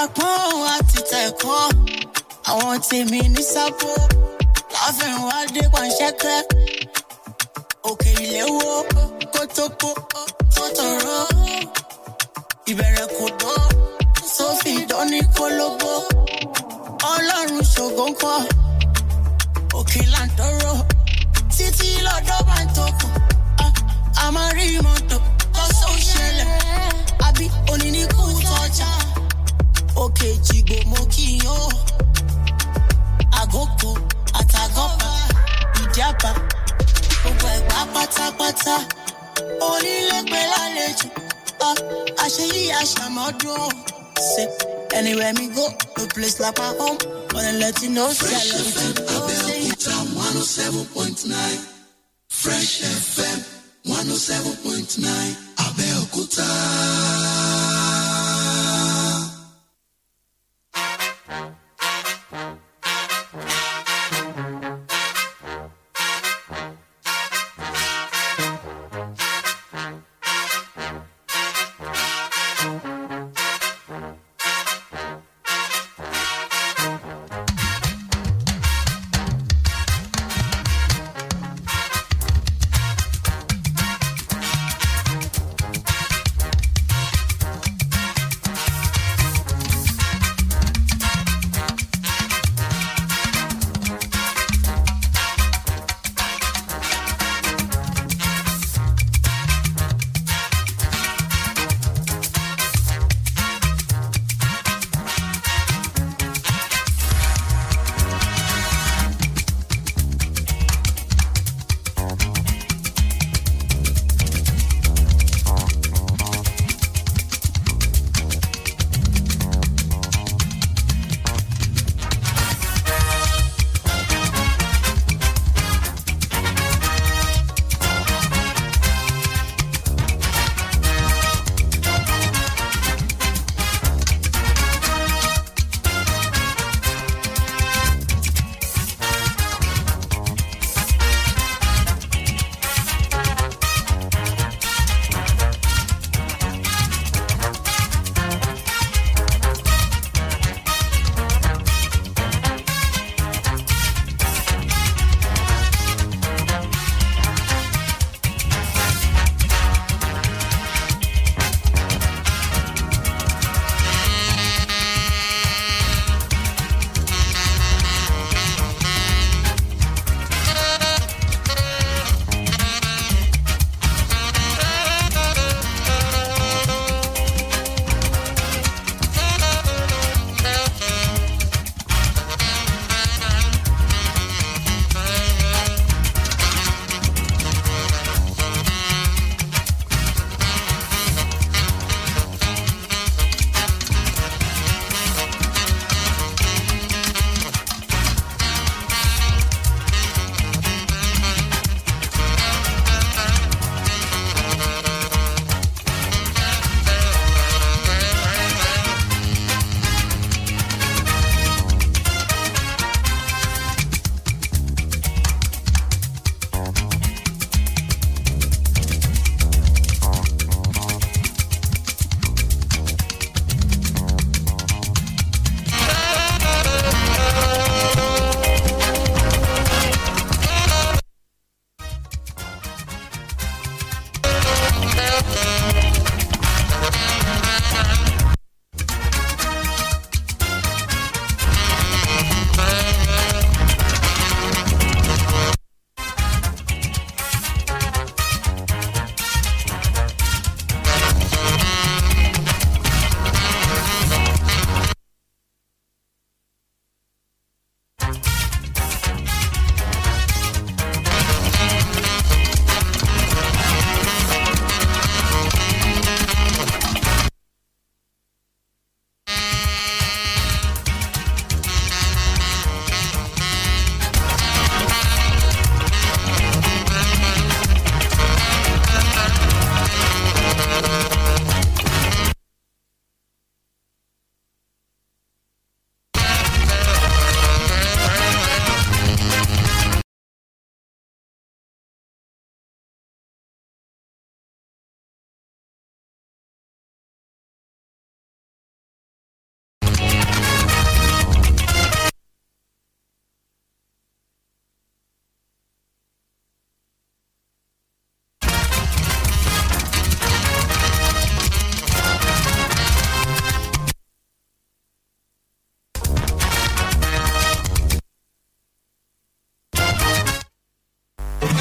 tẹ̀kún àti tẹ̀kún àwọn tèmi ní sábò láfihàn wá dé pàṣẹkẹ òkè ìléwó kótópó kótóró ìbẹ̀rẹ̀ kò dán sófin ìdání kólóbó ọlọ́run ṣògóńkọ́ òkè làǹdọ́rọ̀ títí lọ́dọ́ bá ń tokùn a máa rí mọ́tò kọ́sọ́ òṣèlè àbí oníníkù tọ́jà. òkèjì gbòmó kíyàn àgókò àtàgọ́pà ìjábà gbogbo ẹ̀gbá pátápátá onílé pé lálejò àṣeyí àṣàmọ́dún ṣe anywhere me go no place like my home wanna let you know say I love you. Abẹ́òkúta one oh seven point nine Fresh FM one oh seven point nine Abẹ́òkúta.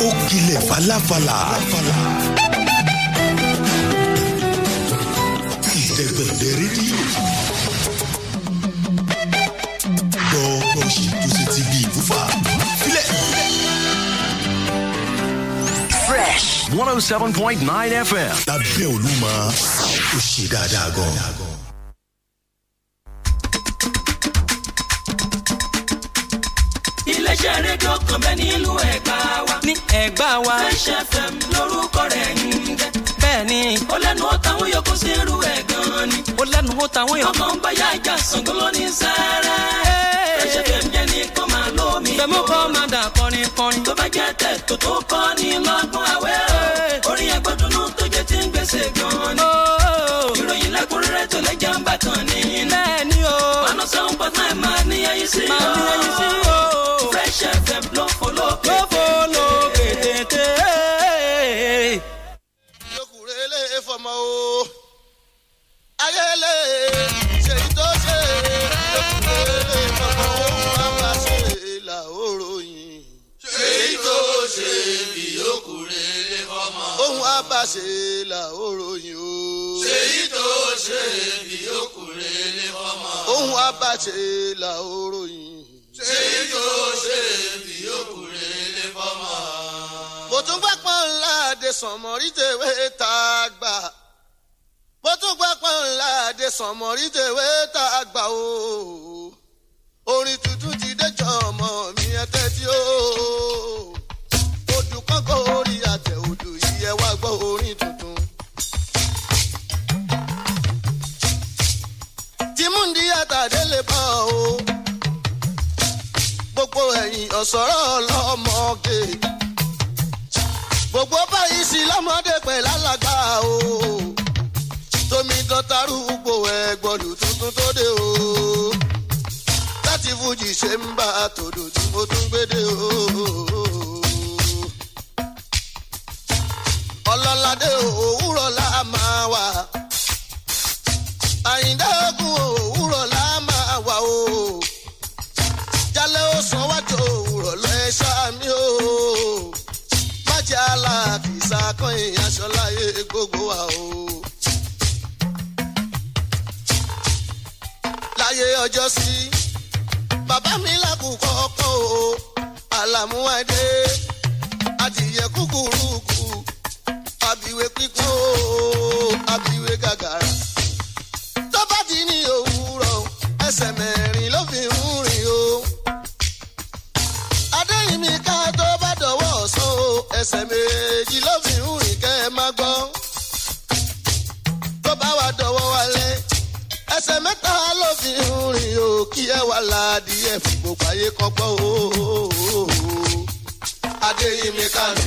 ó kilẹ̀ falafala. ìdẹ́gbẹ̀dẹ́ rédíò. gbọ́ ṣe tó ṣe ti bí ìfúfà. filẹ̀. fresh one oh seven point nine fm. lábẹ́ Olúmọ ó ṣe dáadáa gan-an. iléeṣẹ́ rédíò kan bẹ́ẹ̀ nílùú Ẹ̀gbá wa ẹ̀gbá wa. Fresh FM lórúkọ rẹ̀ ń jẹ́. Bẹ́ẹ̀ni. Ó lẹ́nu ó tàwọn yòókù sí irú ẹ̀ gan ni. Ó lẹ́nu ó tàwọn yòókù. Ọmọ ń bá yá ìjà Ṣàngó lóní sáárá. Fresh FM jẹ́ ní kó máa lómi. Fẹ̀mú kọ́ máa dà kọrin kọrin. Tó bá jẹ́ tẹ̀ tó tó kọ́ ni lọ́gbọ́n àwẹ̀ o. Orin ẹgbẹ́ dunu tó jẹ́ ti ń gbèsè gan ni. Oh! Ìròyìn lẹ́kùnrẹ́rẹ́ tó lẹ́jà ń bàtàn ni. Bẹ́ẹ̀ni o. Màá sọ tẹ́lẹ̀ ṣèyí tó ṣe lókùnrin gbogbo ohun bàbá ṣe là ó ròyìn. ṣèyí tó ṣe bí yókùnrin lè fọmọ. ohun bàbá ṣe là ó ròyìn o. ṣèyí tó ṣe bí yókùnrin lè fọmọ. ohun bàbá ṣe là ó ròyìn. ṣèyí tó ṣe bí yókùnrin lè fọmọ. mo tún gbàgbọ́n ńlá àdesọ̀mọ́rí tèwé tá a gbà bó tún gbà pé ńlá àdé sànmọ́rí tèwé tá a gbà o orin tuntun ti déjọ ọmọ mi ẹ tẹ́tí o odù kọ́kọ́ orí àtẹ odù yìí ẹ wá gbọ́ orin tuntun. tìmúndí àtàdé bá o gbogbo ẹ̀yìn ọ̀sọ́rọ̀ ọlọ́mọge gbogbo báyìí sí lọ́mọdé pẹ̀lú alàgbà o olù tuntun tó dé o láti fújì ṣe ń bá àtòdò tí mo tún gbédè o. ọlọ́ládé òwúrọ̀ la máa wà àyíndá ogun òwúrọ̀ la máa wà o jálẹ̀ ó sọ wájú òwúrọ̀ lọ ẹ ṣáàmì o má jẹ́ aláàfin sàkàn ìyànṣọ́ láyé gbogbo wa o. ọjọ́ sí bàbá mi làkùkọ ọkọ o àlàmúwádé adìyẹ kúkúrúkú àbíwé pípọ́n o àbíwé gàgàrà tó bá òwúrọ̀ ẹsẹ̀ mẹ́rin. kálá adìyẹ fún gbogbo ayé kọ́gbọ́ o. adéyìnmí kàmí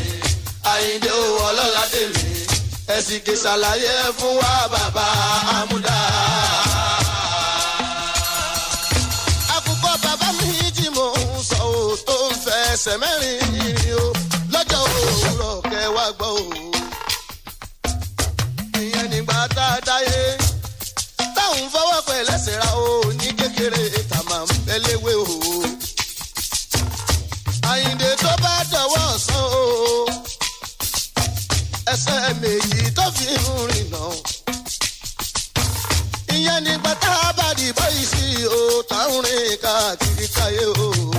àyíndé owó ọlọ́lá tèmi ẹ̀sìn kì ṣàlàyé fún wa bàbá amúdá. àkùkọ bàbá mi jí mò ń sọ ò tó ń fẹsẹ̀ mẹ́rin o lọ́jọ́ òwúrọ̀ kẹwàá gbọ́ o. ìyẹn nígbà tá a dáyé táwọn fọwọ́ pẹ̀lẹ́sẹ̀ ra o ní kékeré. tó bá dọ̀wọ́ ọ̀sán o ẹsẹ̀ méjì tó fi ń rìnà ìyẹn nígbà tá a bá dìbò yìí sí o tá ń rìn káàkiri káyé o.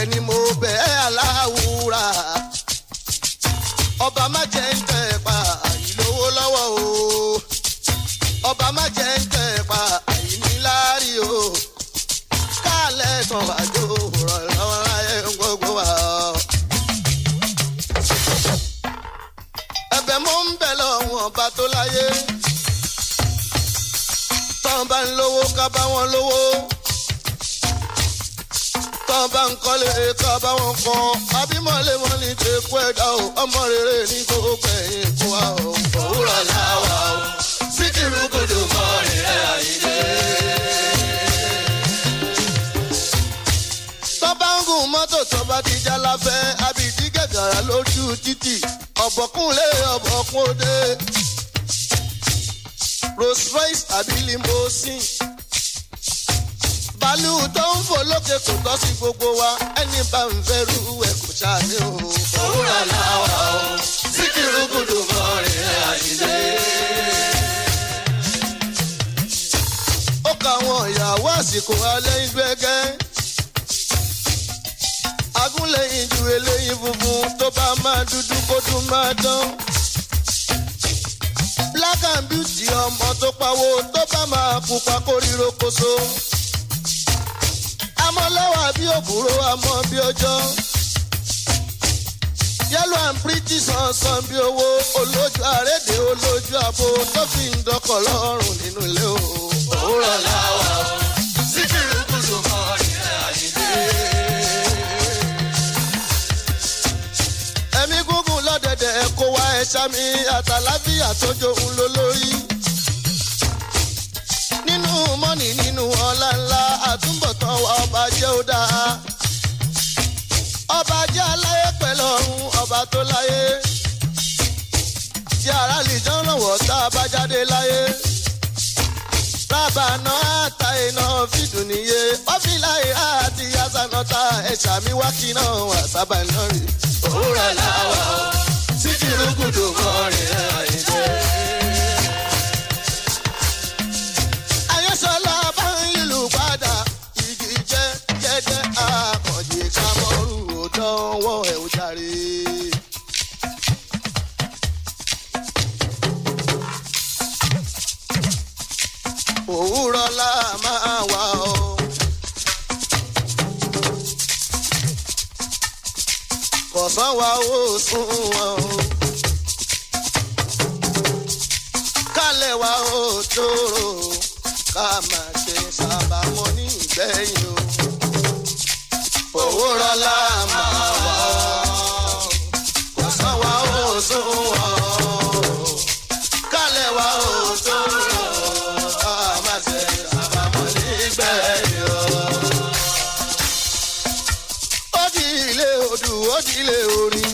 rẹ ni mo bẹ̀ aláwùrà ọba má jẹ́ ń tẹ̀ pa ìlówó lọ́wọ́ o ọba má jẹ́ ń tẹ̀ pa ìníláàrí o káàlẹ̀ sàn wájú rọ̀ lọ́wọ́ láyé gbogbo wa. ẹ̀bẹ̀ mo ń bẹ̀ lọ́wọ́ ọba tó láyé tán bá ń lówó ká bá wọn lówó tọ́ bá ń kọ́lé kọ́ bá wọn kọ́ abímọ̀lé wọn ní ti kú ẹ̀dá o ọmọ rere ní gbogbo ẹ̀yìn kú wa o. òwúrọ̀ làwà o síkìrú gbọdọ̀ mọ́ rẹ̀ àyílé. tọ́ bá ń gun mọ́tò tọ́ ti já láfẹ́ abidí gàgàrà lójú títì ọ̀bọ̀kúnlé ọ̀bọ̀kún òde royce àbí limousine bàálù tó ń fò lókè kò tọ́ sí gbogbo wa ẹni bá ń fẹ́ rú ẹ̀ kò ṣàní òwúrọ̀ làwà o síkìrú gùdù mọ́rin àyílé. ó ka àwọn ìyàwó àsìkò alẹ́ ìgbẹ́gẹ́ agúnlẹ̀yìn ju eléyìí funfun tó bá máa dúdú kó dún máa dán black and beauty ọmọ tó pawó tó bá máa pupa kórìíro kóso amọ́ lẹ́wà bí òkúrò amọ́ bí ọjọ́ yellow and pretty sànsàn bí owó olójú àrédè olójú àbò tó fi ń dọkọ̀ lọ́rùn nínú ilé o. òwúrọ̀ làwà síkìrì kùsùn kọ́ ilé àyíké. ẹ̀mí gúngùn lọ́dẹ̀dẹ̀ kó wá ẹ̀ṣá mi àtàlábíyà tójó ń lo lórí. nínú mọ́nì nínú ọlá ńlá àtúbọ̀tán wa ọba jẹ́ ó dáa. ọba jẹ́ aláyé pẹ̀lú ọ̀run ọba tó láyé. jẹ́ ara lè jọ́ rànwọ́ tá a bá jáde láyé. rábànà àtà iná fìdùn níye. ọ́fíìlà ìhà àti yasànàta ẹ̀ṣà mi wá kí náà wà sábà náà rí. òwúrọ̀ làwọn títí rúgùdù mọ́rin ẹ̀ òwúrọ̀ la máa wà o. kọ̀sán wa ó sún wọn o. kálẹ̀ wa ó tóró ká má ṣe sábà ní ìgbẹ́yìn o. òwúrọ̀ la máa wà. dílé orin.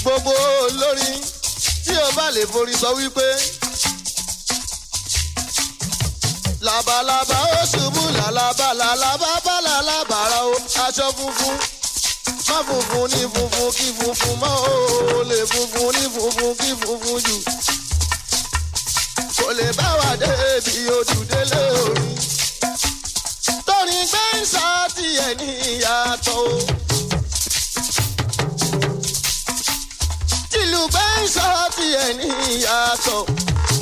gbogbo olórin tí o bá lè forí sọ wípé labalábá ó ṣubú làlábá làlábá bá làlábá ra o aṣọ funfun má funfun ní funfun kí funfun má o lè funfun ní funfun kí funfun jù kò lè bá wà débi odù délé orin gbé ń ti ẹ̀ níyàtọ̀ o. tìlù gbé ń ṣáàtì ẹ̀ níyàtọ̀.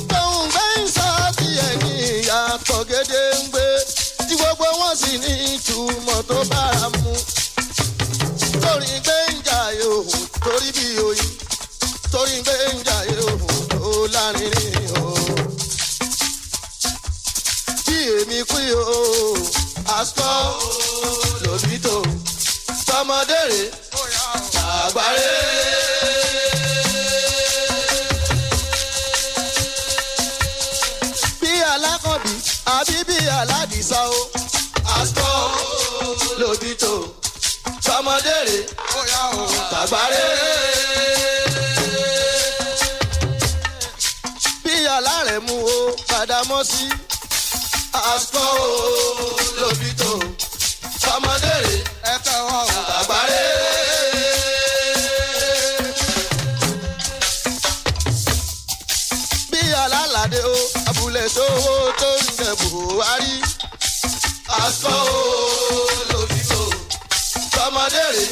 tòun gbé ń ṣáàtì ẹ̀ níyàtọ̀ gédéǹgbé tí gbogbo wọn sì ní ìtumọ̀ tó bára mu. torí gbé ń jà yòó torí bí oyin torí gbé ń jà yòó tó lárinrin o. kí èmi kú yòó àsọ lòbítò tọmọdé rè àgbáre. bí alákọ̀bí àbí bí aládìsá o àsọ lòbítò tọmọdé rè àgbáre. bí alárẹ̀mú o padà mọ́ sí aṣọ lóbi tó ọmọdé rè é tẹ̀wọ́ àgbáre. bí alálàdé o abúlé sówó tó ń jẹ buhari aṣọ lóbi tó ọmọdé rè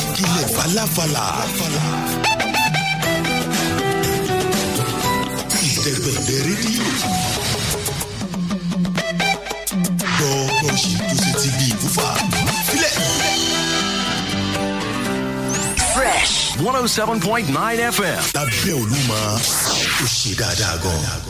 ilẹ̀ falafala. ìdẹ̀gbẹ̀dẹ̀ rédíò. gbọ́dọ̀ ṣì tó ṣe ti bí ìfúfà. fresh one oh seven point nine fm. lábẹ́ Olúmọ ó ṣe dáadáa gan-an.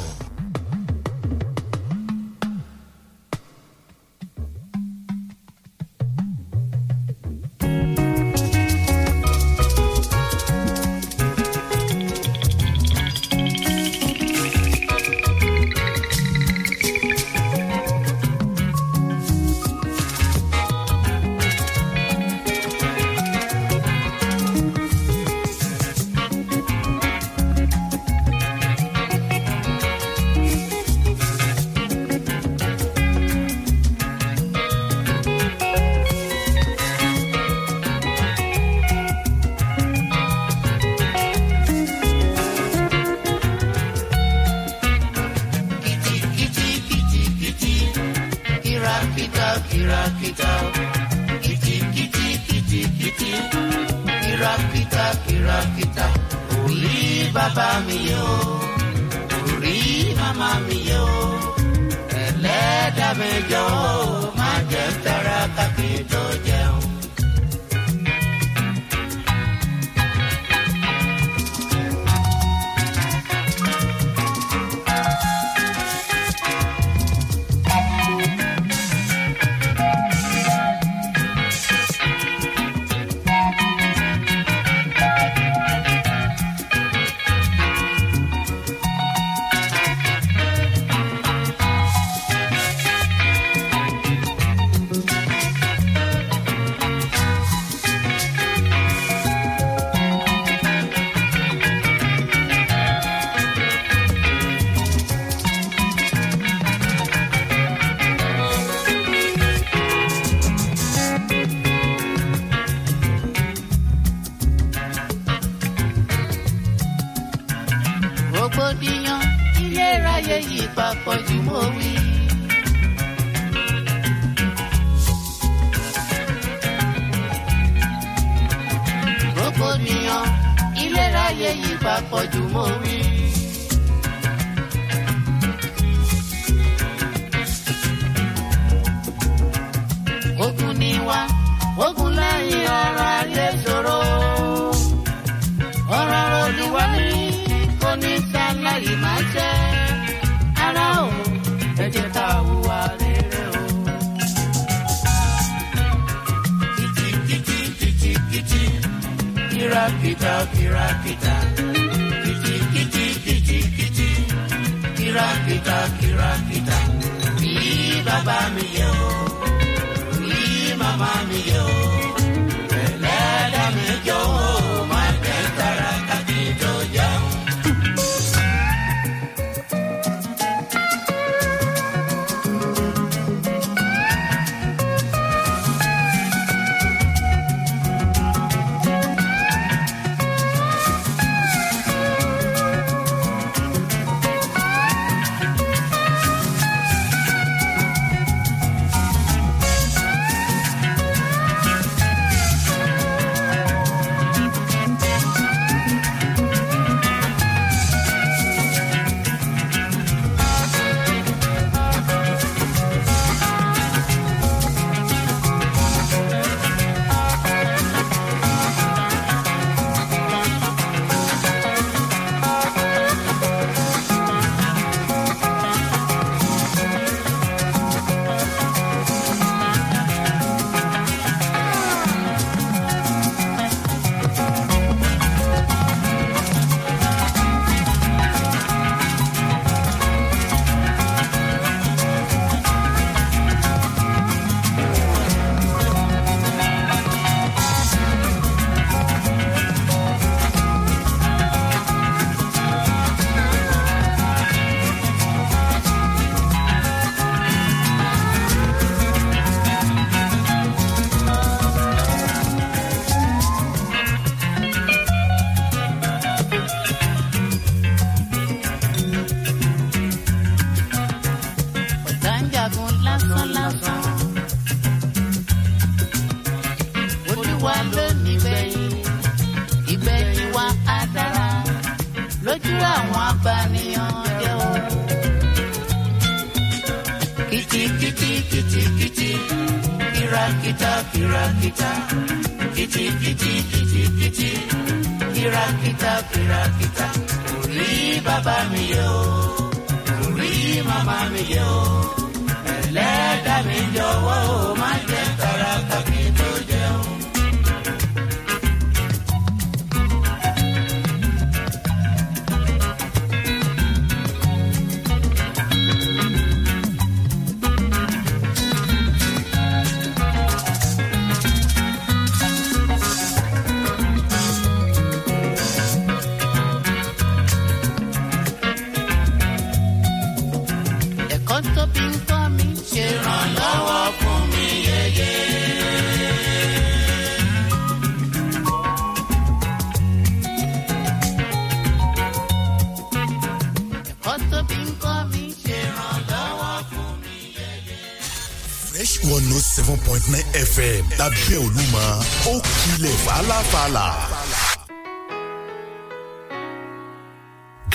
lábẹ́ Olúmọ ó kilẹ̀ fàlàfàlà.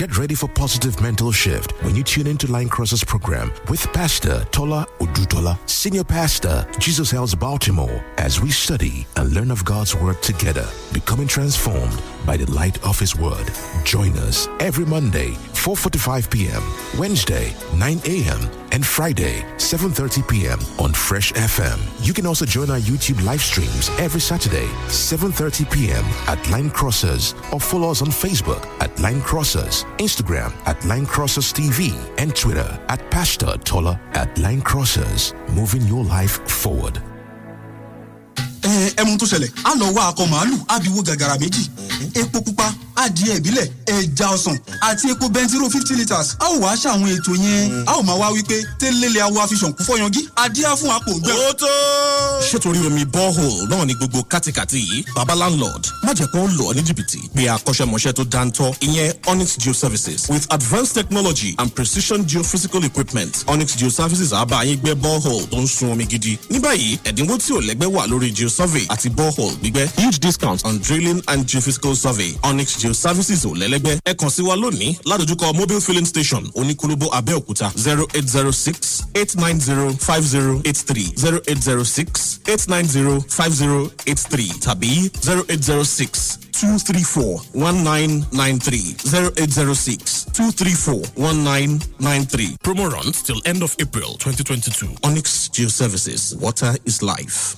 Get ready for positive mental shift when you tune into Line Crossers program with Pastor Tola Udutola, Senior Pastor, Jesus Hells Baltimore, as we study and learn of God's Word together, becoming transformed by the light of His Word. Join us every Monday, 4.45 p.m., Wednesday, 9 a.m., and Friday, 7.30 p.m. on Fresh FM. You can also join our YouTube live streams every Saturday, 7.30 p.m. at Line Crossers or follow us on Facebook at Line Crossers, Instagram at Line Crossers TV and Twitter at Pastor Tola at Line Crossers. Moving your life forward. Eh, eh, tó ṣẹlẹ̀ a lọ wá akọ màálù gàgàrà méjì eh, epo pupa adìẹ ìbílẹ̀ ẹja ọsàn àti epo bẹntiró fifty litres a ó wá ṣàwọn ètò yẹn a ó máa wá wípé télélẹ̀ awo àfihàn kú fọyangí adíá fún apò gbẹ. ó tó. ṣètòrí omi borehole náà ni gbogbo kátikàti yìí baba landlord má jẹ́ kó lọ ní jìbìtì pé akọ́ṣẹ́mọṣẹ́ tó dáńtọ́ ìyẹn onyx geoservices with advanced technology and precision geophysical equipment onyx geoservices àbá yín gbẹ́ borehole tó ń sun omi gidi ní báyìí ẹ̀dínwó tí ò lẹ́gbẹ́ wà lórí geosurvey àti borehole gbígbẹ́ huge discount on drilling and geophysical survey onyx geoservices Automotive Services ò lẹ́lẹ́gbẹ́ ẹ kàn sí wa lónìí ládojúkọ mobile filling station oníkólóbó Abẹ́òkúta zero eight zero six eight nine zero five zero eight three zero eight zero six eight nine zero five zero eight three tàbí zero eight zero six. 234-1993 0806-234-1993 Promo runs till end of April 2022 Onyx Geo Services Water is Life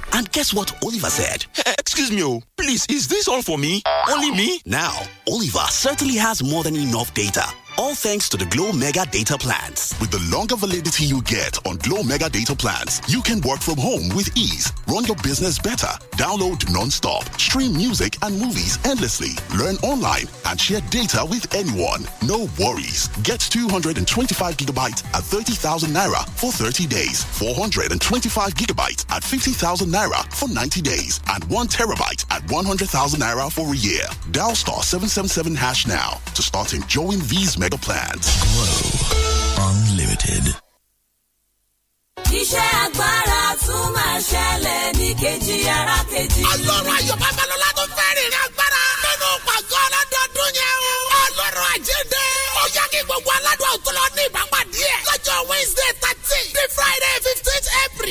And guess what Oliver said? Eh, eh, excuse me, oh, please, is this all for me? Only me? Now, Oliver certainly has more than enough data. All thanks to the Glow Mega Data Plans. With the longer validity you get on Glow Mega Data Plans, you can work from home with ease, run your business better, download non-stop, stream music and movies endlessly, learn online, and share data with anyone. No worries. Get 225 gigabytes at 30,000 naira for 30 days, 425 gigabytes at 50,000 naira naira for 90 days and 1 terabyte at 100,000 naira for a year. Dial star 777 hash now to start enjoying these mega plans. Unlimited. iṣẹ́ agbára tún máa ṣẹlẹ̀ ní kejì ara kejì. ọlọ́run ayọ̀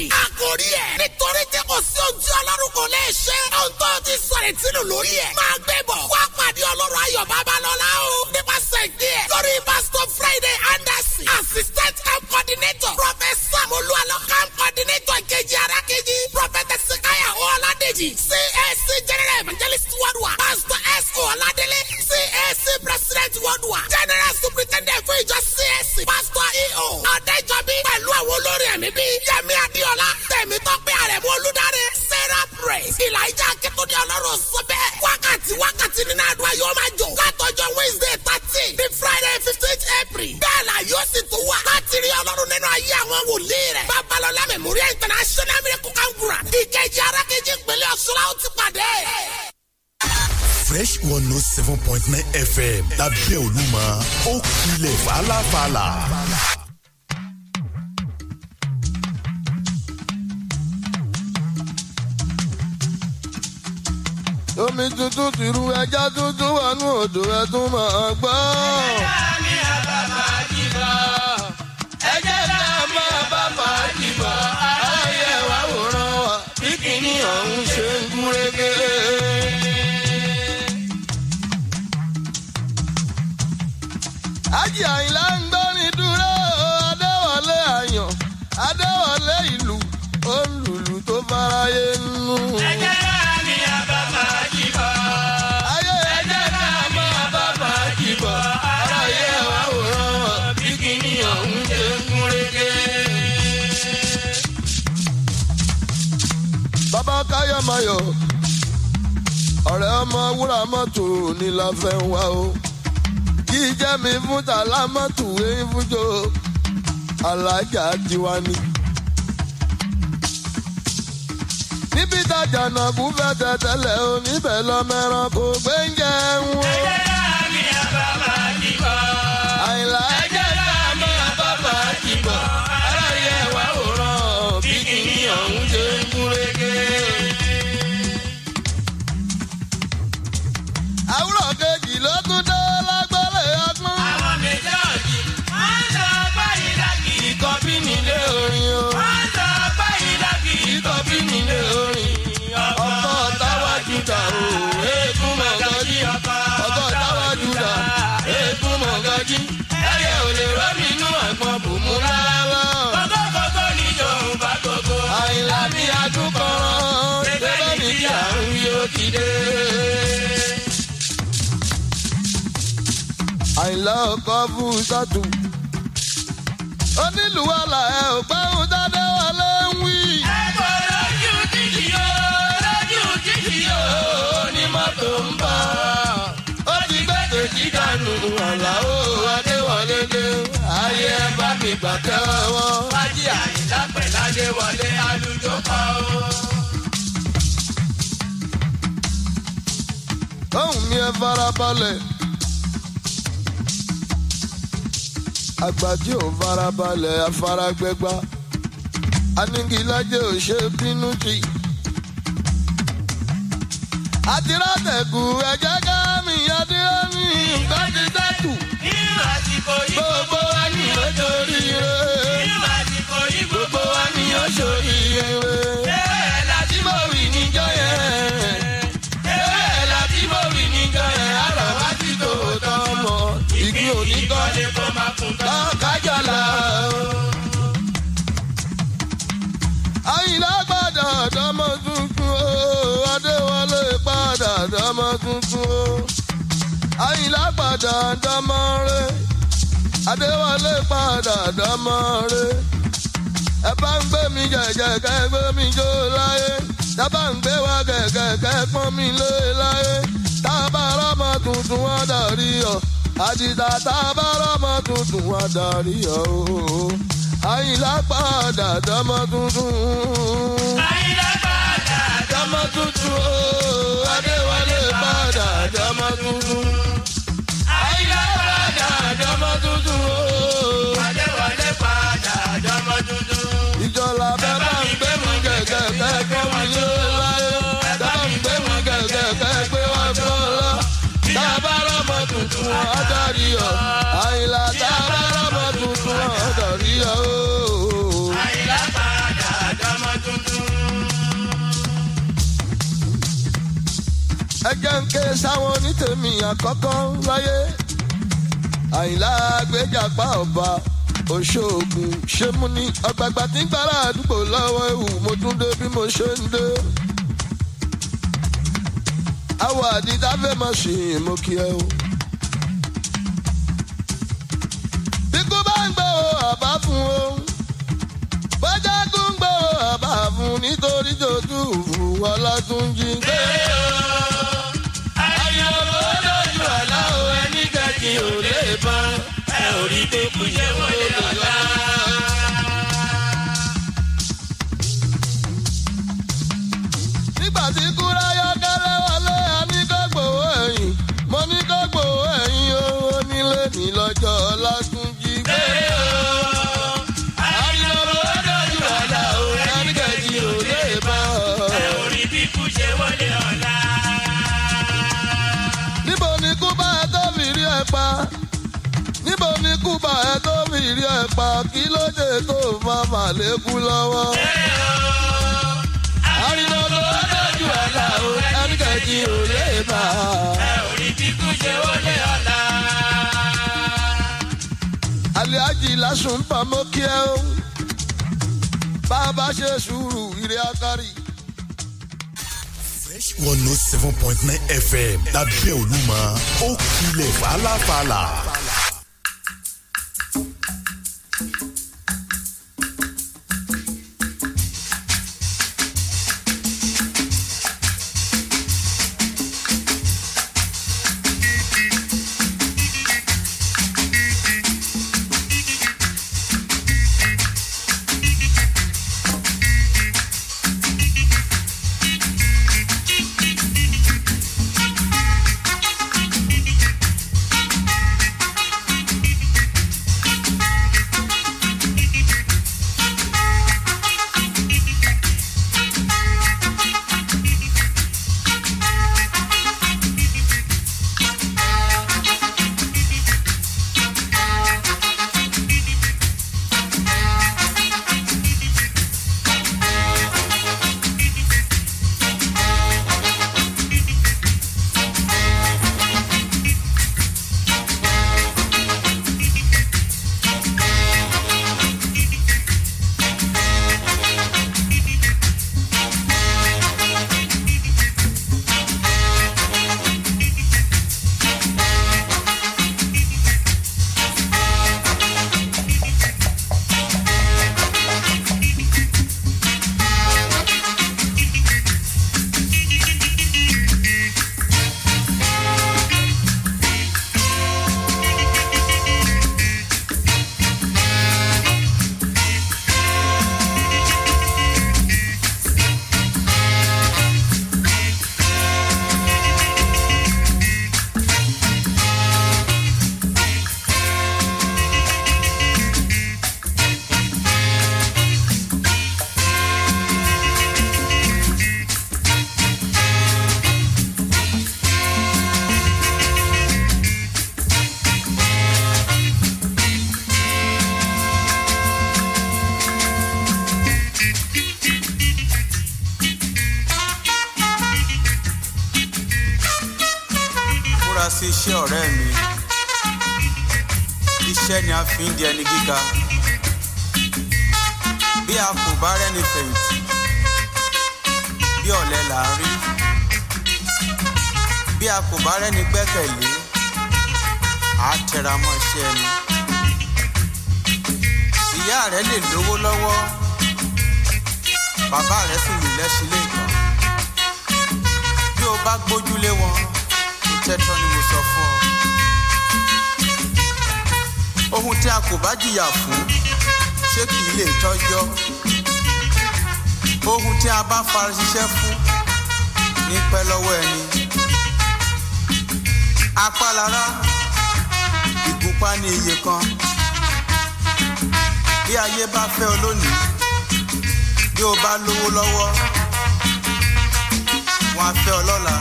lónìí. àkòrí ẹ̀ nítorí tí kò sí ohun ọlọ́run lè ṣe ohun tó ti sọ̀rọ̀ tìlù lórí ẹ̀ máa gbé bọ̀ wá pàdé ọlọ́run ayọ̀ babalọ́lá o nípasẹ̀ ìdí ẹ̀ lórí pastor Friday Anderson assistant camp coordinator professor olúwalọ camp coordinator kejì arákejì prophet sikaya ọ̀làdèjì CAC general evangelist wadua pastor S. ọ̀làdélé CAC president wadua general super fún ìjọ CAC pásítọ̀ EO Adéjọbí pẹ̀lú àwọn olórí ẹ̀mí bíi Yẹmi Adéọlá Tẹ̀mí Tọ́pẹ́ Àrẹ̀mú Olúdáre Sarah Praise Ìlàjà Akíntúndé Ọlọ́run sọ bẹ́ẹ̀ wákàtí wákàtí nínú àdúrà yóò máa jò látọjọ́ Wednesday thirteen The Friday fifteen April bẹ́ẹ̀ la yóò sì tún wà láti rí Ọlọ́run nínú ayé àwọn wòlíì rẹ̀ Babalọlá Memorial International Miracle Congress ìkejì arákejì ìpínlẹ̀ Ọ̀ṣun la ó ti pàdé fresh one note oh seven point nine fm lábẹ́ olúmọ ó kulẹ̀ fàlàfàlà. omi tuntun ti ru ẹja tuntun wà nù odò ẹ tún máa gbọ́. ẹja mi àbàbà jìbọ̀ ẹja náà máa bàbà jìbọ̀ ààyè wàwòrán wa bí kìíní ọ̀hún ájì àyìnlá ń gbọ́rin dúró adéwọlé àyàn adéwọlé ìlú olùlù tó faraye nù. ẹjẹ náà ni àbá máa jí bọ. ni àbá máa jí bọ. ara yẹ wá wòran wọn bí kìíní ọ̀rẹ́ ọmọ wúrà mọ́tò ní la fẹ́ wá o kì í jẹ́ mi fún tàlámọ́tò erin alájà tiwa ni. níbi tájà nàkú fẹ́ tẹ̀tẹ̀lẹ̀ oníbẹ̀ lọ́mẹ́ràn kò gbé ń jẹun. ìlà ọkọ fún sọ́tún. onílù wàlà ẹ ò gbọ́ ohun dáadáa wọlé ń wí. ẹ kò lójú títì yó lójú títì yó ní mọ́tò ń bọ̀. ó ti gbẹ́dọ̀ jídánù wàlà ó adéwọlé dé. ayé ẹ bá mi gbà tẹ́wọ́. fájì àyíká pẹ̀lú adéwọlé alùjọ pa ó. ohun mi ẹ farabalẹ̀. àgbàdì ò farabalẹ̀ afaragbẹ́gbá anigilájẹ́ ò ṣe bínú jì. àtirátẹ̀kù ẹ̀jẹ̀ kámi adéhà ní ìgbàdí tẹ́tù. ìlú àsìkò yìí gbogbo wa ní lójorí rẹ̀. ìlú àsìkò yìí gbogbo wa ní oṣooṣì rẹ̀. ọ̀kájọ́lá. àyìnlá padà dọ́mọ tuntun o adéwọlé padà dọ́mọ tuntun o àyìnlá padà dọ́mọ rẹ adéwọlé ń gbé mi mi jó láyé ń àdìdá tá a bá rọ́mọ tuntun adarí ọ̀ o àyìnlá padà dọ́mọ tuntun. àyìnlá padà dọ́mọ tuntun o adéwálé padà dọ́mọ tuntun. àyìnlá padà dọ́mọ tuntun o adéwálé padà. dọ̀rí o àyìnlá tààrà lọ́mọ tuntun wọn dọ̀rí o. àyìnlá tààrà lọ́mọ tuntun. ẹ jẹ́ ń ké sáwọn onítèmi àkọ́kọ́ láyé àyìnlá gbéjàpá ọba òṣoògùn ṣé mú ní ọgbàgbà tí ń gbára àdúgbò lọ́wọ́ ewu mo tún dé bí mo ṣe ń dé. awọ àdídáfẹ́ mọ̀ sí i mo kí ẹ o. ọba fún o bọ́jágún gbé ọba fún nítorí jòjú ìwọ lọ́tún jí gbé o. ayọ̀wò lójú àlá o ẹni kẹ́kì ò lè bá ẹ ò rí pé kú jẹ́ wọlé ọ̀la. nígbà tí kúráyọ̀. pa kí ló dé tó má má lékún lọ́wọ́. àrìnà tó lójú ọ̀la o ẹnì kejì ò lè bá a. ẹ ò ní ṣe ó lé ọ̀la. Alhaji Lásùn pamọ́ kí ẹ o bá a bá ṣe sùúrù ire akari. Fresh 107.9 FM lábẹ́ Olúmọ ó kilẹ̀ fàlàfàlà. a bá fara ṣiṣẹ́ fún ní pẹ́ lọ́wọ́ ẹni. apá lára ìgúnpá ni iye kan bí ayé bá fẹ́ ọ lónìí bí o bá lówó lọ́wọ́ wọn á fẹ́ ọ lọ́la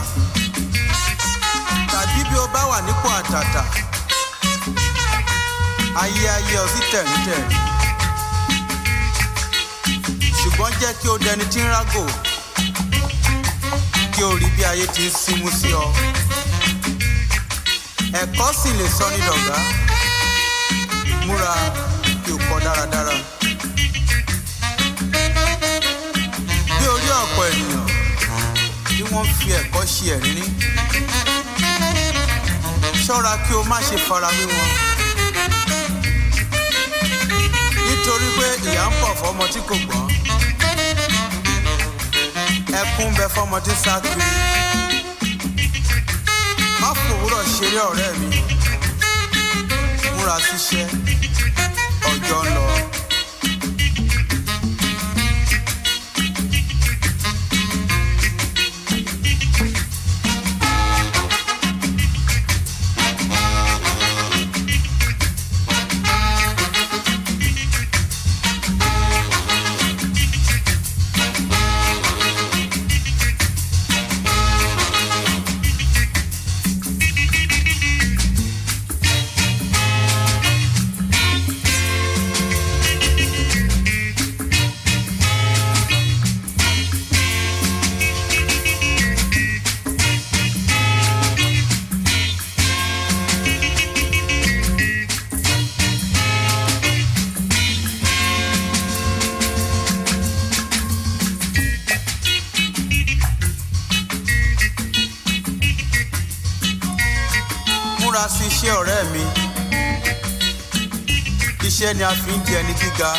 tàbí bí o bá wà nípò àtàtà ayé ayé ọ sí tẹ̀rìntẹ̀rì. jẹ́ kí o dẹni tí ń rágò kí o rí bí ayé ti ń símú sí ọ ẹ̀kọ́ sì lè sọ ní dọ̀gá múra kí o kọ dáradára bí orí ọ̀pọ̀ ènìyàn bí wọ́n fi ẹ̀kọ́ ṣe ẹ̀rí ní ṣọ́ra kí o má ṣe fara wé wọn. nítorí pé ìyà ń pọ̀ fọ́mọ tí kò gbọ́n ẹkún bẹ fọmọ tí sákiri má fòwúrọ̀ ṣeré ọ̀rẹ́ mi múra síṣẹ́ ọjọ́ lọ. iṣẹ́ ọ̀rẹ́ mi iṣẹ́ ni a fi ń di ẹni gíga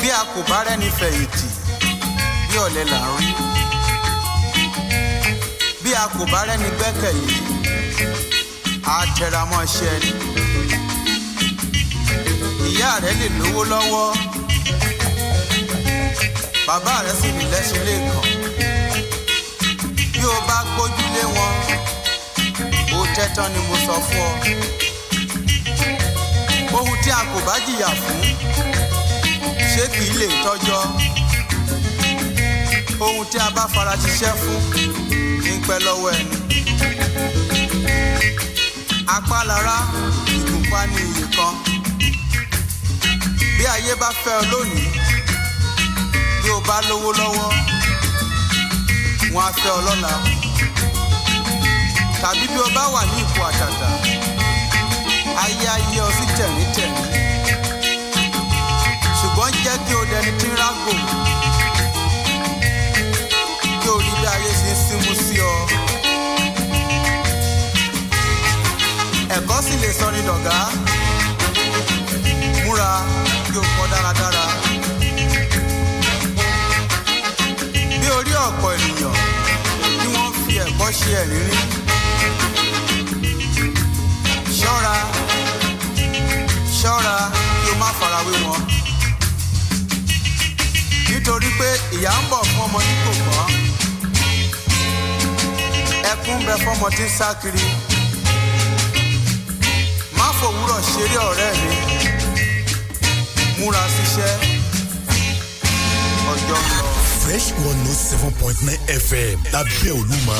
bí a kò bá rẹ́ni fẹ̀yìntì bí ọ̀lẹ là ń rí bí a kò bá rẹ́ni gbẹ́kẹ̀lé a tẹra mọ́ iṣẹ́ ni ìyá rẹ lè lówó lọ́wọ́ bàbá rẹ sì ní lẹ́sìn lè kàn bí o bá gbójúlé wọn jẹ́ tán ni mo sọ fún ọ ohun tí a kò bá jìyà fún ṣé kì í lè tọ́jọ́ ohun tí a bá fara ṣiṣẹ́ fún ní pẹ́ lọ́wọ́ ẹni apá lára ìgúnpá ní kan bí ayé bá fẹ́ ọ lónìí bí o bá lówó lọ́wọ́ wọn á fẹ́ ọ lọ́la tàbí bí o bá wà ní ipò àjàgà ayé ayé ọ sí tẹ̀mítẹ̀mí ṣùgbọ́n jẹ́ kí o dẹni tí rágò kí o rí bí ayé ṣe ń símú sí ọ. ẹ̀kọ́ sì lè sọ ní dọ̀gá múra kí o kọ dáradára. bí orí ọ̀pọ̀ ènìyàn tí wọ́n fi ẹ̀kọ́ ṣe ẹ̀rín rí ṣọ́ra ṣọ́ra kí o má farawé wọn nítorí pé ìyà ń bọ̀ fún ọmọ tí kò gbọ́ ẹkún bẹ fọmọ tí ń sá kiri má fòwúrọ̀ ṣeré ọ̀rẹ́ mi múra síṣẹ́ ọjọ́ lọ. fresh one note oh seven point nine fm lábẹ́ olúmọ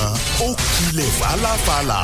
ó kilẹ̀ fàlàfàlà.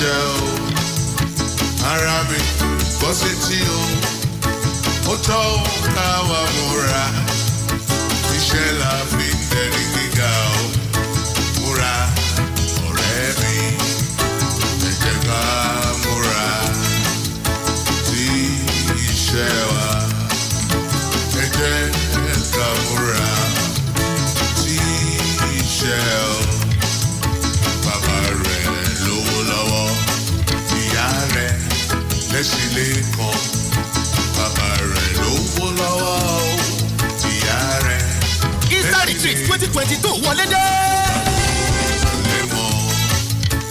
ṣiṣẹ́ o ara mi bọ́ sétí o ó tọ́ ká wa múra iṣẹ́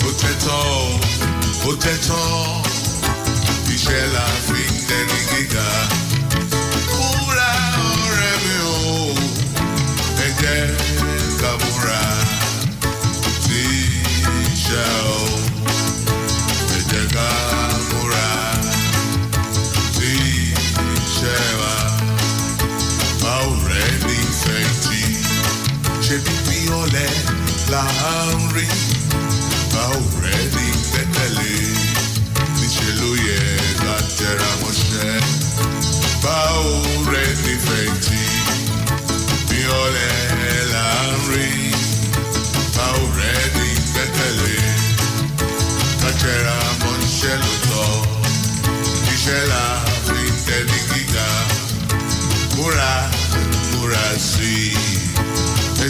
potato, potato, Michelle.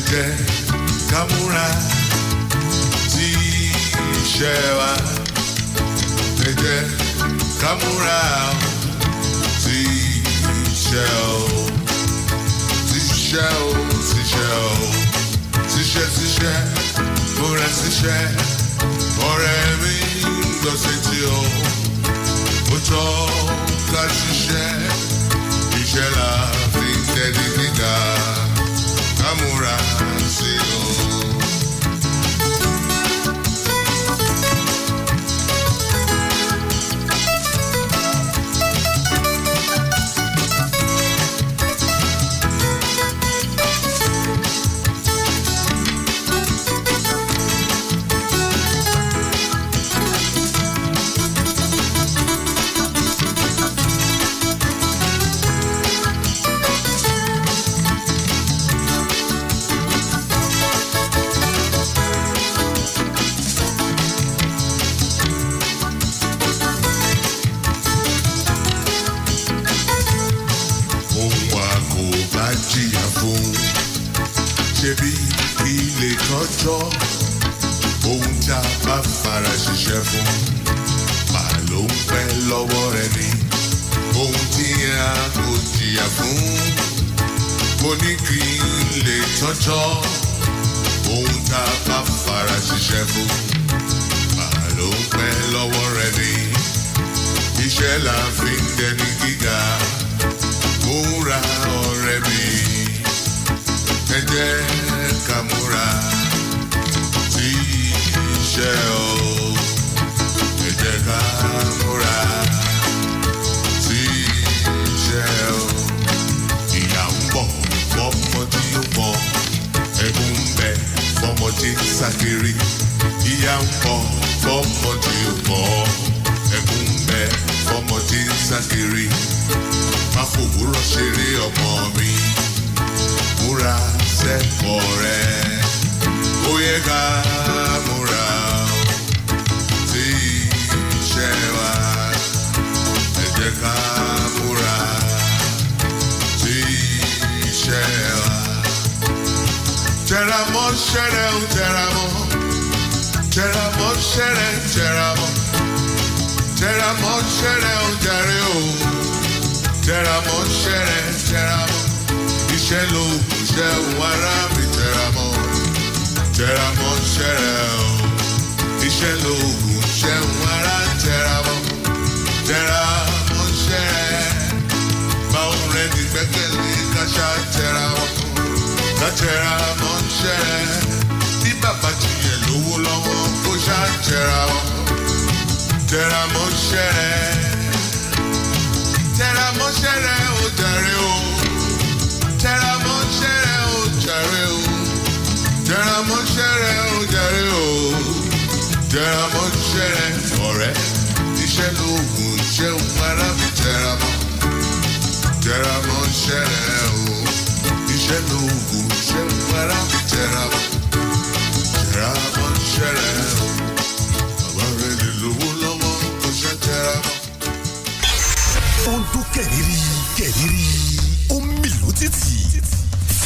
kẹ̀kẹ́ ká múra sí iṣẹ́ wa ẹ jẹ́ ká múra sí iṣẹ́ o síṣẹ́ o síṣẹ́ o síṣẹ́ síṣẹ́ múra síṣẹ́ ọ̀rẹ́ mi lọ sétí o ó tọ́ ká ṣiṣẹ́ iṣẹ́ la fi ń tẹ́lẹ̀ nígbà ká kiri ìyá ń pọ̀ fọ́mọ tí ó pọ̀ ẹkún ń bẹ fọ́mọ tí ń sá kiri má fòwúrọ̀ ṣeré ọmọ mi múra sẹ́kọ̀ọ́ rẹ ó yẹ ká múra sí iṣẹ́ wa ẹ ká. tẹra mọ́ ṣẹ̀rẹ̀ ó tẹra mọ́ tẹra mọ́ ṣẹ̀rẹ̀ tẹra mọ́ tẹra mọ́ ṣẹ̀rẹ̀ ó jàre o tẹra mọ́ ṣẹ̀rẹ̀ tẹra mọ́ iṣẹ́ ló kù ṣẹ́ òun ara mi tẹra mọ́ tẹra mọ́ ṣẹ̀rẹ̀ o iṣẹ́ ló kù ṣẹ́ òun ara tẹra mọ́ tẹra mọ́ ṣẹ̀rẹ̀ báwo rẹ ní gbẹ́kẹ̀lé káṣá tẹra mọ́ ṣàjẹra wọn ń ṣẹ tí bàbá jiyàn lówó lọ́wọ́ ó ṣàjẹra wọn jẹra mọ́ ṣẹrẹ jẹra mọ́ ṣẹrẹ ó jàre o jẹra mọ́ ṣẹrẹ ó jàre o jẹra mọ́ ṣẹrẹ ó jàre o jẹra mọ́ ṣẹrẹ ọ̀rẹ́ iṣẹ́ lóògùn iṣẹ́ òun arábìjẹra mọ́ jẹra mọ́ ṣẹrẹ o. Shelungu, Shelmara, Jeraba,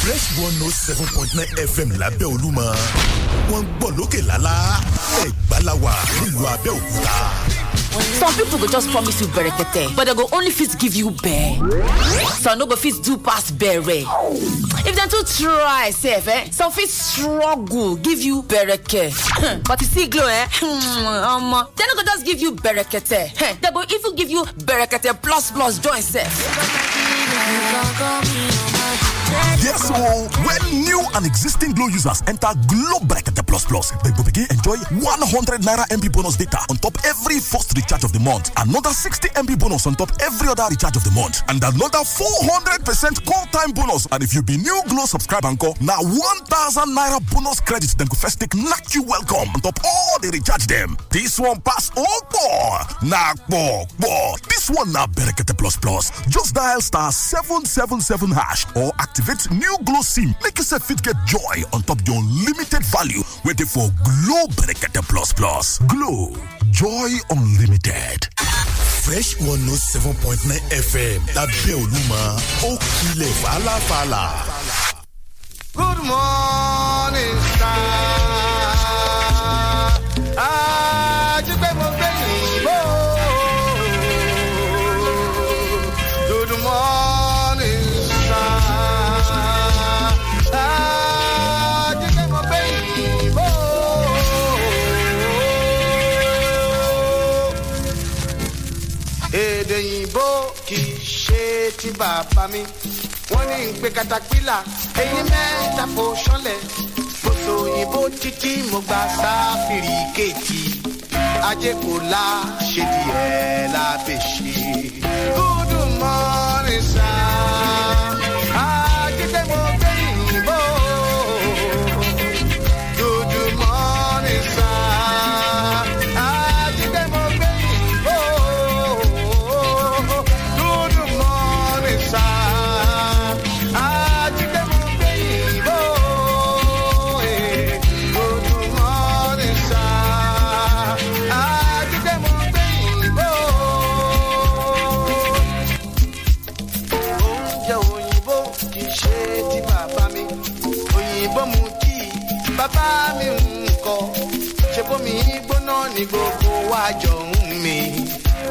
Fresh one note seven point nine FM lábẹ́ Olúmọ. Wọ́n ń gbọ́ lókè lálá. Ẹ̀gbá nílùú Abẹ́òkúta. Some people go just promise you berekete, but they go only fit give you bear. Some no go fit do pass bere. If dem too try sef, eh, some fit struggle give you bereke. Hmm, but you see glow, eh? um, dem no go just give you berekete. They hmm, go even give you berekete plus plus join sef. Yes, so oh. when new and existing Glow users enter Glow Bracket Plus Plus, they will begin enjoy 100 Naira MB bonus data on top every first recharge of the month, another 60 MB bonus on top every other recharge of the month, and another 400% call time bonus. And if you be new Glow subscriber encore, now 1000 Naira bonus credits then go first take knock you welcome on top all the recharge them. This one pass all four. now four, four. This one now the Plus. Just dial star 777 hash or activate activate new Glow SIM. Make yourself fit get joy on top your unlimited value. Waiting for Glow Berekete Plus Plus. Glow Joy Unlimited. Fresh 107.9 FM lábẹ́ Olúmọ ó Fala fàlàfàlà. Good morning, star. bàbá mi wọ́n ní ń pe katapila eyín mẹ́ta fò ṣánlẹ̀ bóso òyìnbó títí mo gba sáfìrì kéètì ajé kò lá ṣe díẹ̀ lábẹ́ ṣe. good morning.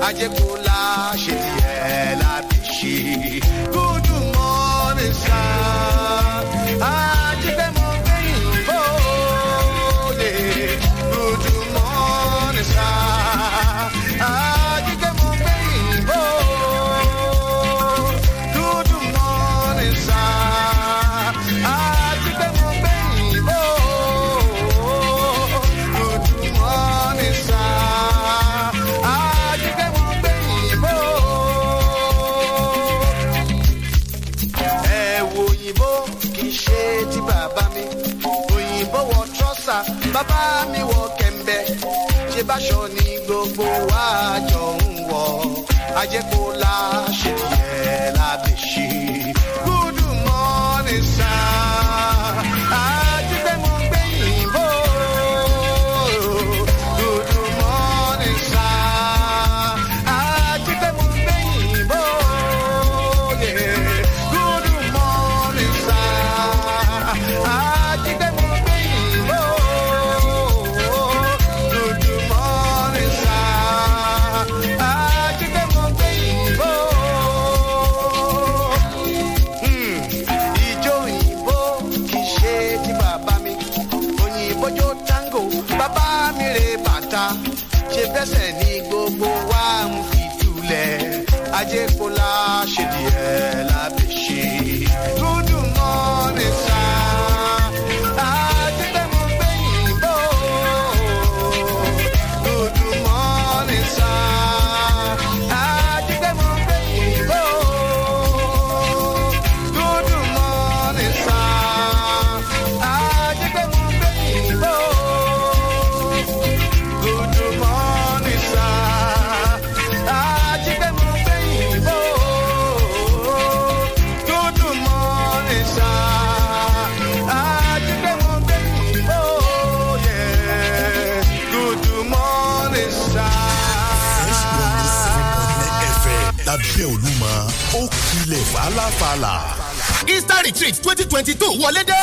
má jẹ́ kó láṣẹ tiẹ̀ láti ṣe. Ayer por la fàlà. Easter retreat twenty twenty two wọlé dé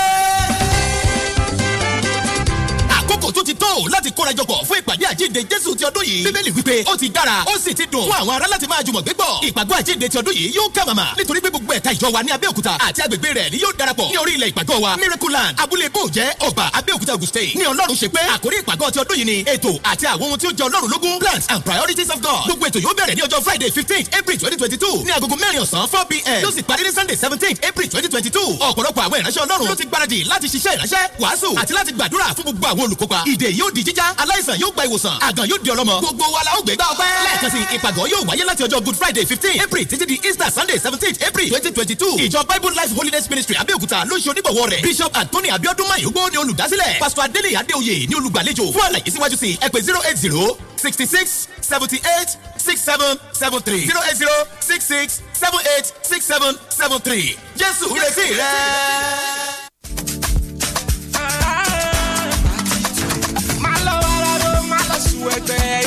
àkókò tó ti tó láti kórajọpọ̀ fún ìpàdé àjíǹde jésù ti ọdún yìí bíbélì wípé ó ti dára ó sì ti dùn fún àwọn ará láti máa jùmọ̀ gbégbọ́ ìpàgọ́ àjíǹde ti ọdún yìí yóò kẹ́ màmá nítorí ẹ̀ka ìjọ wa ní abẹ́òkúta àti agbègbè rẹ̀ ni yóò darapọ̀ ní orí ilẹ̀ ìpàgọ́ wa miracle land abúlé bòjẹ́ ọ̀bà abẹ́òkúta ogun ni ní ọlọ́run ṣe pé àkórí ìpàgọ́ ti ọdún yìí ni ètò àti àwọn ohun tí ó jẹ ọlọ́run lógún plans and priorities of God gbogbo ètò yóò bẹ̀rẹ̀ ní ọjọ́ friday fifteenth april twenty twenty two ní agogo mẹ́rin ọ̀sán four pm yóò sì parí ní sunday seventeenth april twenty twenty two ọ̀pọ̀lọpọ̀ àwọn ìránṣẹ́ ọlọ́run ló ti gbáradì láti ṣiṣẹ́ ìránṣẹ́ wàásù àti láti gbàdúrà fún gbogbo àwọn olùkópa ìdè yóò di jíjá aláìsàn yóò gba ìwòsàn àgàn yóò di ọlọ́mọ gbogbo wa la ó gbé gbá ọpẹ́ lẹ́ẹ̀kan sí ìpàgọ́ yóò wáyé láti ọjọ́ good friday fifteen april títí di easter sunday seventeenth april twenty twenty twenty two ìjọ bible life holidays ministry abẹ́òkúta ló ń ṣe onígbọ̀wọ́ rẹ̀ bishop anthony abiodun mayogbó ni olùdásílẹ̀ pastor adele adeoye ni olùgbàlejò fún àlàyé síwájú sí ẹ pè zero eight zero sixty six seventy eight six seven seven three zero eight zero six six seven eight six seven seven three jésù retí rẹ̀. ẹgbẹ́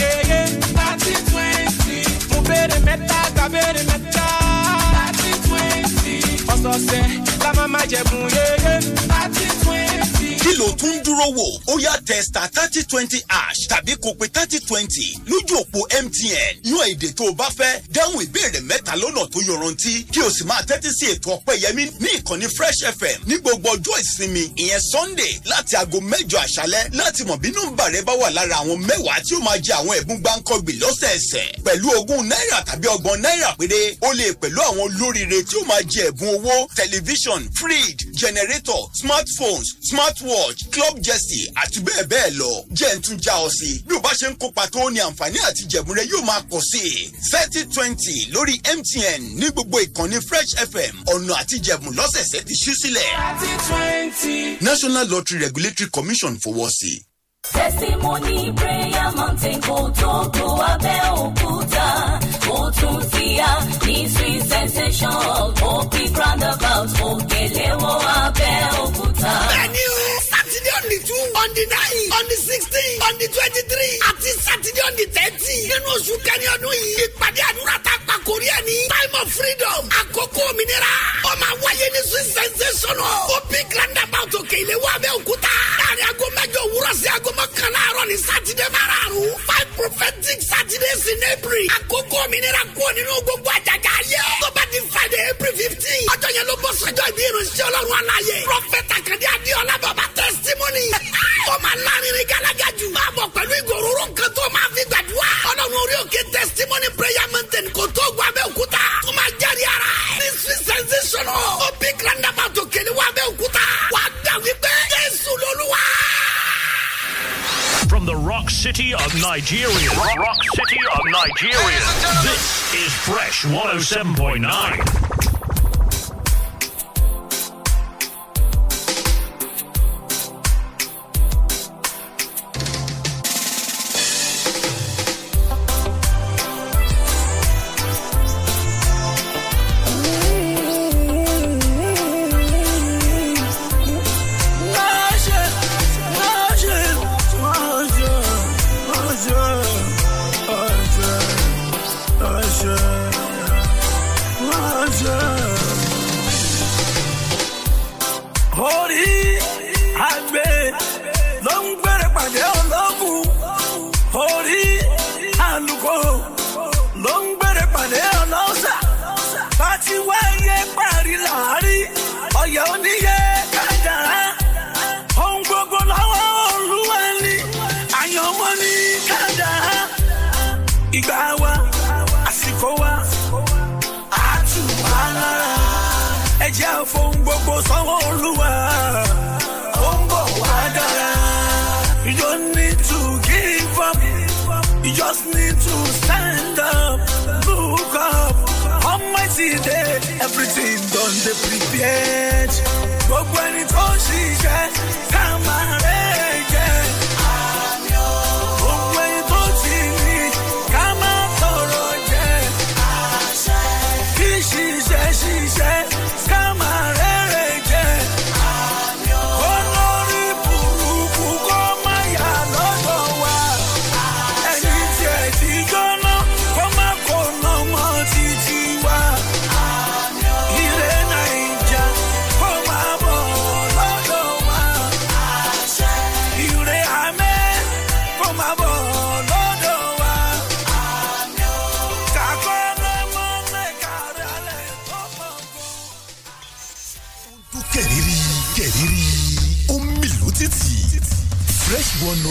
yeye. thirty twenty. mo béèrè mẹ́ta gba béèrè mẹ́ta. sọ̀sẹ̀ la máa máa jẹ̀bùn yéyé. tún. kí ló tún dúró wò ó yá testa thirty twenty ash tàbí kó thirty twenty lójú òpó MTN yan èdè tó o bá fẹ́ dáhùn ìbéèrè mẹ́ta lọ́nà tó yọrantí kí o sì máa tẹ́tí sí ètò Ọpẹ́yẹmí ní ìkànnì Fresh FM ní gbogbo ọjọ́ ìsinmi ìyẹn Sunday láti aago mẹ́jọ àṣálẹ́ láti mọ̀ bí nọ́mbà rẹ bá wà lára àwọn mẹ́wàá tí ó máa jẹ àwọn ẹ̀bùn gbáǹkọ́gbìn lọ́sẹ̀ẹsẹ̀ pẹ̀lú ogún náírà tàbí ọgbọ̀n náírà péré ó lè pẹ̀lú àwọn olóríire tí ó máa jẹ ẹ̀bùn owó fridge generator smartphones smartwatch watch club jersey àti bẹ́ẹ̀ bẹ́ẹ̀ lọ jẹ́ ń tún já ọ sí bí o bá ṣe ń kópa tó ní àǹfààní àti jẹ̀bùn rẹ yóò máa pọ̀ sí i thirty twenty lórí MTN ní gbogbo ìkànnì Fresh FM ọ̀nà àti jẹ̀bùn lọ́sẹ̀ẹ̀sẹ̀ ti ṣú sílẹ̀. National Lottery Regulatory Commission fọwọ́ sí i. testimony prayer mountain kò tó kó Abẹ́òkúta ó tún ti yá ní sweet sensation ó kí roundabout òkèlè wọ Abẹ́òkúta. bẹ́ẹ̀ ni o on the nine on the sixteen on the twenty three àti sátidé on the thirty nínú oṣù kẹrin ọdún yìí ìpàdé àdúrà tá a pa kórí ẹ̀ ní time of freedom àkókò òmìnira ó máa wáyé ní sweet sensation o bí grand about òkè ilé wa bẹ́ẹ̀ òkúta láàrin aago mẹ́jọ òwúrọ̀ sí aago mọ́kànlá àárọ̀ ní sátidé márààrún five prophetic saturdays in april àkókò òmìnira kúrò nínú gbogbo àjàgà ayé tó bá di friday april fifteen ọjọ́ yẹn ló bọ́ sọ́jọ́ ìbí irun sí ọlọ́run aláyé prọfẹ̀tà kàdé adéọlá bàbá ó lárinrin bọ̀ pẹ̀lú ìgòròrò tó máa fi gbàdúrà. ọlọ́run orí òkè testimony prayer mountain kò tó ó máa jẹ́rìí ara ẹ̀. ó bí tó kéde wá gbà wípé Jésù lolúwa. From the rock city of Nigeria. Rock, rock city of Nigeria. This is Fresh 107.9.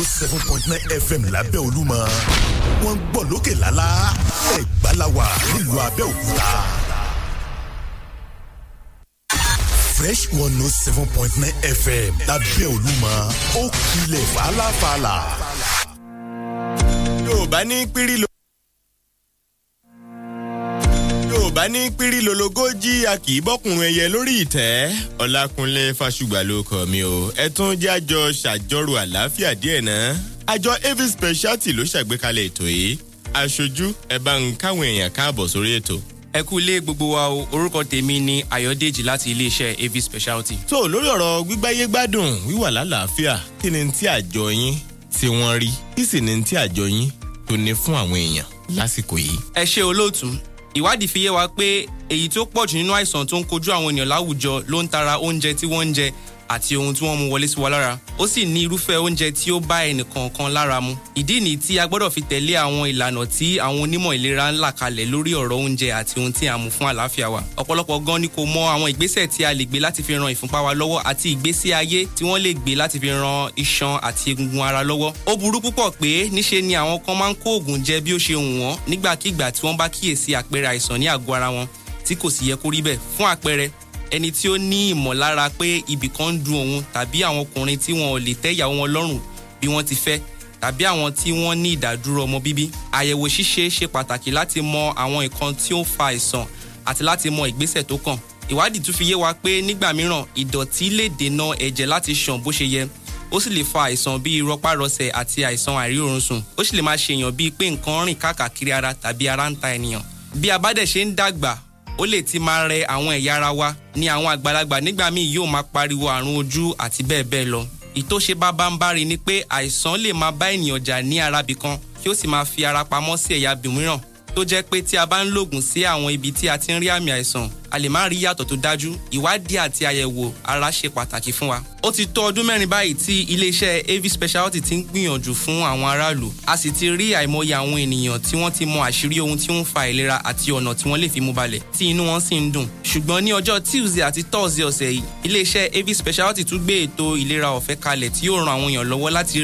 seven point nine fm lábẹ́ olúmọ wọ́n ń gbọ́ lókè lálá Ẹ̀gbá la wà nílùú abẹ́òkúta. fresh one no oh seven point nine fm lábẹ́ olúmọ ó kilẹ̀ fàlàfàlà. yorùbá ní pírí ló. yorùbá ní pírí lologójì a kì í bọ́kùnrin ẹyẹ lórí ìtẹ́ ọlákúnlé fásùgbà ló kọ mi o ẹ tún jẹ́ àjọ ṣàjọrò àlàáfíà díẹ̀ náà àjọ av speciality ló ṣàgbékalẹ̀ ètò yìí aṣojú ẹ bá ń káwọn èèyàn káàbọ̀ sórí ètò ẹ kú ilé gbogbo wa o orúkọ tèmi ni ayọ̀dèjì láti iléeṣẹ́ av speciality. tó lórí ọ̀rọ̀ gbígbáyé gbádùn wíwà lálàáfíà kí ni tí àjọ yín tí wọ́n rí kí sì ni tí àjọ yín tó ní fún àwọn èèyàn lásìkò yìí. ẹ ṣe olóòtú ìwádìí fi yé wa pé èyí tó pọ̀jù nínú àìsàn tó ń kojú àwọn ènìyàn láwùjọ ló ń tara oúnjẹ tí wọ́n ń jẹ àti ohun tí wọ́n mu wọlé sí wa lára ó sì ní irúfẹ́ oúnjẹ tí ó bá ẹnìkọ̀ọ̀kan lára mu ìdí ni tí a gbọ́dọ̀ fi tẹ̀lé àwọn ìlànà tí àwọn onímọ̀ ìlera ń là kalẹ̀ lórí ọ̀rọ̀ oúnjẹ àti ohun tí a mu fún àlàáfíà wa ọ̀pọ̀lọpọ̀ gan ni kò mọ àwọn ìgbésẹ̀ tí a lè gbé láti fi ran ìfúnpá wa lọ́wọ́ àti ìgbésí ayé tí wọ́n lè gbé láti fi ran iṣan àti egungun ara lọ́wọ́ ó burú púpọ̀ pé níṣe ni àwọn kan máa ń kó oògùn jẹ bí ó ṣe wù wọ́n nígbàkigbà tí wọ́n bá kíyèsí àpẹẹrẹ àìsàn ní àgọ́ ara wọn tí kò sì yẹ kó rí bẹ́ẹ̀ fún àpẹẹrẹ ẹni tí ó ní ìmọ̀lára pé ibì kan ń dun òun tàbí àwọn ọkùnrin tí wọn ò lè tẹ́ ìyàwó wọn lọ́rùn bí wọ́n ti fẹ́ tàbí àwọn tí wọ́n ní ìdádúró ọmọ bíbí àyẹ̀wò ṣíṣe ṣe pàtàkì láti mọ àwọn nǹkan tí ó ń fa àìsàn àti láti mọ ìgbésẹ̀ tó kàn ìwádìí tún fi yé wa pé nígbà mìíràn ìdọ̀tí lè dènà ẹ̀jẹ̀ láti ṣàn bó ṣe yẹ ó sì lè fa àìsàn bíi rọpárọsẹ̀ àti àìsàn àìríoorun ó sì lè máa ṣèyàn bíi pé nǹkan rìn káàkiri ara tàbí ara ń ta ènìyàn bí a bá dẹ̀ ṣe ń dàgbà ó lè ti máa rẹ àwọn ẹ̀yà ara wa ní àwọn àgbàlagbà nígbà míì yóò máa pariwo àrùn ojú àti bẹ́ẹ̀ bẹ́ẹ̀ lọ ìtòṣe bábánbárí ni pé àìsàn lè máa bá ènìyàn jà ní arábì kan kí ó sì máa fi ara pamọ́ sí ẹ̀yà bìmíràn tó jẹ́ pé tí a bá ń lògùn sí àwọn ibi tí a ti ń rí àmì àìsàn a lè má rí yàtọ̀ tó dájú ìwádìí àti àyẹ̀wò ara ṣe pàtàkì fún wa. ó ti tó ọdún mẹ́rin báyìí tí iléeṣẹ́ av speciality ti ń gbìyànjú fún àwọn aráàlú a sì ti rí àìmọye àwọn ènìyàn tí wọ́n ti mọ àṣírí ohun tí ó ń fa ìlera àti ọ̀nà tí wọ́n lè fi mú balẹ̀ tí inú wọn sì ń dùn. ṣùgbọ́n ní ọjọ́ tuesday àti thursday ọ̀sẹ̀ yìí iléeṣẹ́ av speciality tún gbé ètò ìlera ọ̀fẹ́ kalẹ̀ tí yóò ran àwọn èèyàn lọ́wọ́ láti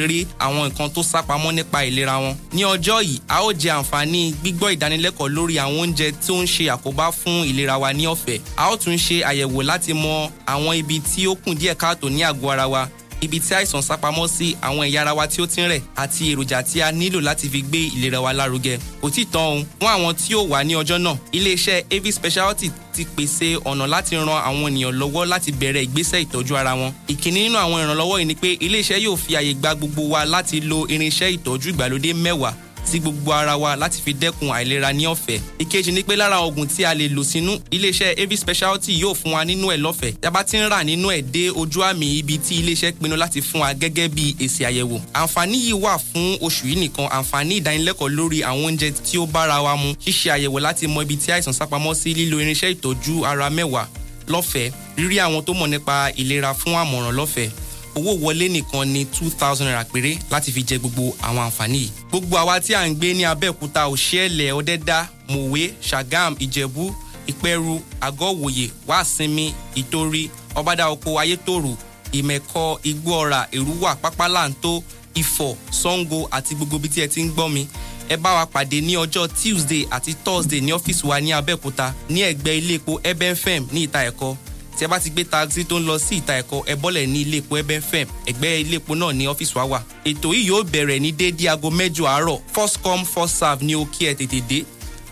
ọ̀fẹ́ a ó tún ṣe àyẹ̀wò láti mọ àwọn ibi tí ó kùn díẹ̀ káàtó ní àgọ́ ara wa ibi tí àìsàn sápamọ́ sí àwọn ẹ̀yà ara wa tí ó ti ń rẹ̀ àti èròjà tí a nílò láti fi gbé ìlera wa lárugẹ. kò tí tán òun fún àwọn tí ó wà ní ọjọ́ náà iléeṣẹ́ av speciality ti pèsè ọ̀nà láti ran àwọn ènìyàn lọ́wọ́ láti bẹ̀rẹ̀ ìgbésẹ̀ ìtọ́jú ara wọn. ìkíní nínú àwọn ìrànlọ́wọ́ yìí ni pé iléeṣẹ́ yóò fi àyè gba gbogbo wa láti lo irinṣẹ́ ìtọ́jú ìgbàlódé mẹ́wàá sí gbogbo ara wa láti fi dẹ́kun àìlera ní ọ̀fẹ́. ìkejì ni pé lára oògùn tí a lè lò sínú iléeṣẹ́ av speciality yóò fún wa nínú ẹ̀ lọ́fẹ̀ẹ́ tí a bá ti ń rà nínú ẹ̀ dé ojú àmì ibi tí iléeṣẹ́ pinnu láti fún wa gẹ́gẹ́ bí èsì àyẹ̀wò. àǹfààní yìí wà fún oṣù yìí nìkan àǹfààní ìdánilẹ́kọ̀ọ́ lórí àwọn oúnjẹ tí ó bára wa mu ṣíṣe àyẹ̀wò láti mọ ibi tí àìsàn sápamọ́ sí lílo irinṣẹ́ ìtọ́jú ara mẹ́wàá lọ́fẹ̀ẹ́ rírí àwọn tó mọ̀ nípa ìlera fún àmọ̀ràn lọ́fẹ̀ẹ́ owó wọlé nìkan ni two thousand naira péré láti fi jẹ gbogbo àwọn àǹfààní yìí. gbogbo àwa tí à ń gbé ní abẹ́òkúta òṣèlè ọ̀dẹ́dá mòwe ṣàgám ìjẹ̀bú ìpẹ́rù àgọ́wòye wàásìnmi ìtorí ọ̀bádàoko ayétòrò ìmẹ̀kọ igbóọ̀rà èrúwà pápálàǹtó ifọ̀ sango àti gbogbo ibi tí ẹ ti ń gbọ́ mi ẹ bá wa pàdé ní ọjọ́ tuesday àti thursday ní ọ́fíìsì wa ní abẹ́òkúta ní ẹ̀gbẹ́ ilé epo ebenfem ní ìta ẹ̀kọ́ tí ẹ bá ti gbé taxi tó ń lọ sí ìta ẹ̀kọ́ ẹ bọ́lẹ̀ ní ilé epo ẹbẹ̀ fm ẹgbẹ́ ilé epo náà ní ọ́fíìsì wa wà. ètò yìí yóò bẹ̀rẹ̀ ní déédéé aago mẹ́jọ àárọ̀ first come first serve ní o kí ẹ tètè dé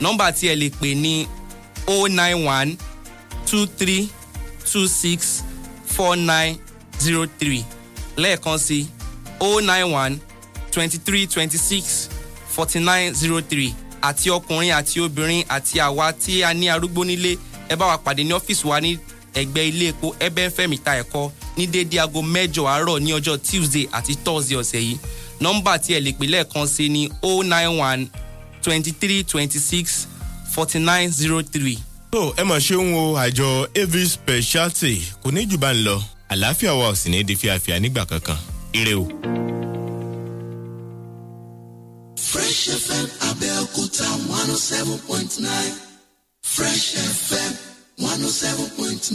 nọ́mbà tí ẹ lè pè ní o oh nine one two three two six four nine zero three lẹ́ẹ̀kan sí o oh nine one twenty three twenty six forty nine zero three àti ọkùnrin àti obìnrin àti àwa tí a ní arúgbó nílé ẹ bá wa pàdé ní ọ́fíìsì wa ní ẹgbẹ́ ilé epo ẹbẹ́ fẹ́mi ta ẹ̀kọ́ ní déédéé aago mẹ́jọ àárọ̀ ní ọjọ́ tuesday àti thursday ọ̀sẹ̀ yìí nọ́mbà tí ẹ lè pè lẹ́ẹ̀kan sí ni oh nine one twenty three twenty six forty nine zero three. tó ẹ àjọ av speciality kò ní jù bá ń lọ àlàáfíà wa ò sì ní di fíafíà nígbà kankan ire o. fresh fm abẹ́òkúta one oh seven point nine fresh fm one oh seven point nine.